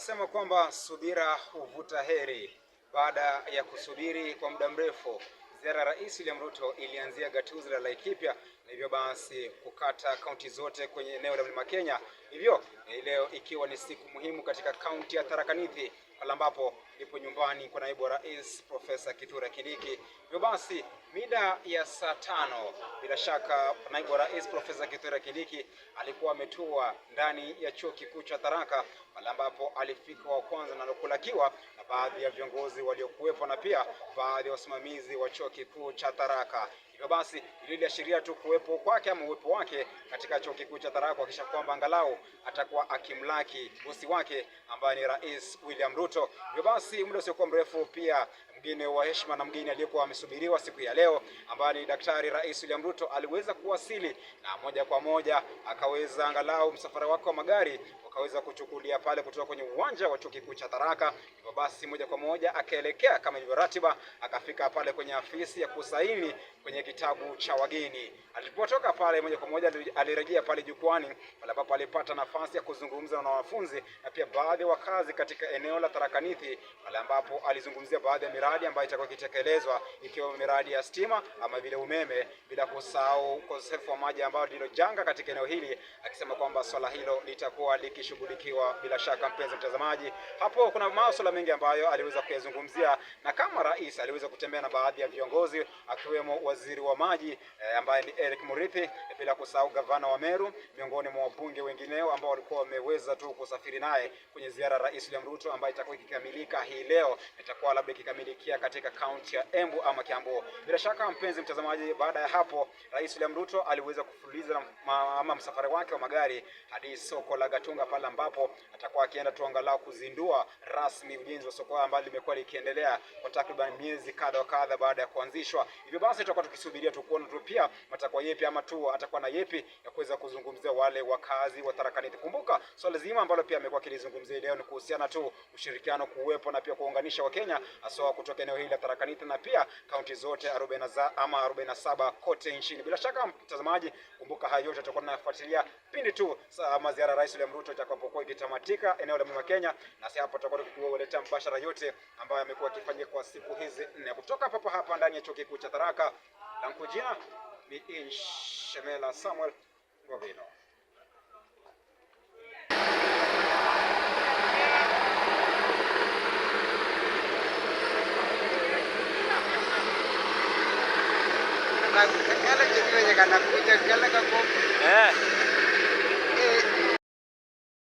Wanasema kwamba subira huvuta heri. Baada ya kusubiri kwa muda mrefu, ziara ya Rais William Ruto ilianzia gatuzi la Laikipia na hivyo basi kukata kaunti zote kwenye eneo la Mlima Kenya, hivyo eh, leo ikiwa ni siku muhimu katika kaunti ya Tharaka Nithi pale ambapo nipo nyumbani kwa naibu rais Profesa Kithure Kindiki. Hivyo basi mida ya saa tano, bila shaka naibu rais Profesa Kithure Kindiki alikuwa ametua ndani ya chuo kikuu cha Tharaka pale ambapo alifika wa kwanza na kulakiwa na baadhi ya viongozi waliokuwepo na pia baadhi ya wasimamizi wa chuo kikuu cha Tharaka hivyo basi ili tu kuwepo kwake ama uwepo wake katika chuo kikuu cha Tharaka kuhakikisha kwamba angalau atakuwa akimlaki bosi wake ambaye ni Rais William Ruto. Hivyo basi muda usiokuwa mrefu pia mgeni wa heshima na mgeni aliyekuwa amesubiriwa siku ya leo ambaye ni Daktari Rais William Ruto aliweza kuwasili na moja kwa moja akaweza angalau msafara wake wa magari akaweza kuchukulia pale kutoka kwenye uwanja wa chuo kikuu cha Tharaka. Hivyo basi, moja kwa moja akaelekea kama ilivyo ratiba, akafika pale kwenye afisi ya kusaini kwenye kitabu cha wageni. Alipotoka pale, moja kwa moja alirejea pale jukwani pale ambapo alipata nafasi ya kuzungumza na wanafunzi na pia baadhi ya wakazi katika eneo la Tharaka Nithi pale ambapo alizungumzia baadhi ya miradi miradi ambayo itakuwa ikitekelezwa ikiwa miradi ya stima ama vile umeme, bila kusahau ukosefu wa maji ambayo ndilo janga katika eneo hili, akisema kwamba swala hilo litakuwa likishughulikiwa. Bila shaka, mpenzi mtazamaji, hapo kuna masuala mengi ambayo aliweza kuyazungumzia, na kama rais aliweza kutembea na baadhi ya viongozi akiwemo waziri wa maji eh, ambaye ni Eric Murithi, eh, bila kusahau gavana wa Meru, miongoni mwa wabunge wengineo ambao walikuwa wameweza tu kusafiri naye kwenye ziara ya Rais William Ruto ambayo itakuwa ikikamilika hii leo, itakuwa labda ikikamilika kuelekea katika kaunti ya Embu ama Kiambu. Bila shaka, mpenzi mtazamaji, baada ya hapo Rais William Ruto aliweza kufululiza ama msafara wake wa magari hadi soko la Gatunga pale ambapo atakuwa akienda tu angalau kuzindua rasmi ujenzi wa soko ambalo limekuwa likiendelea kwa takriban miezi kadha wa kadha baada ya kuanzishwa. Hivyo basi tutakuwa tukisubiria tu kuona tu pia matakwa yepi ama tu atakuwa na yepi ya kuweza kuzungumzia wale wakazi wa Tharaka Nithi. Kumbuka Swala so, zima ambalo pia amekuwa akilizungumzia leo ni kuhusiana tu ushirikiano kuwepo na pia kuunganisha Wakenya asoa kutoka eneo hili la Tharaka Nithi na pia kaunti zote arobaini ama 47 kote nchini. Bila shaka mtazamaji, kumbuka hayo yote tutakuwa tunafuatilia pindi tu ama ziara Rais William Ruto itakapokuwa ikitamatika eneo la Mlima Kenya, na sasa hapo tutakuwa tukiwaletea mbashara yote ambayo amekuwa akifanyika kwa siku hizi nne kutoka papa hapa ndani ya chuo kikuu cha Tharaka. Langu jina ni Inshemela Samuel Govino. నాకు జగ్గాల చెప్పిన జగన్ నాకు జగ్గాల కాకు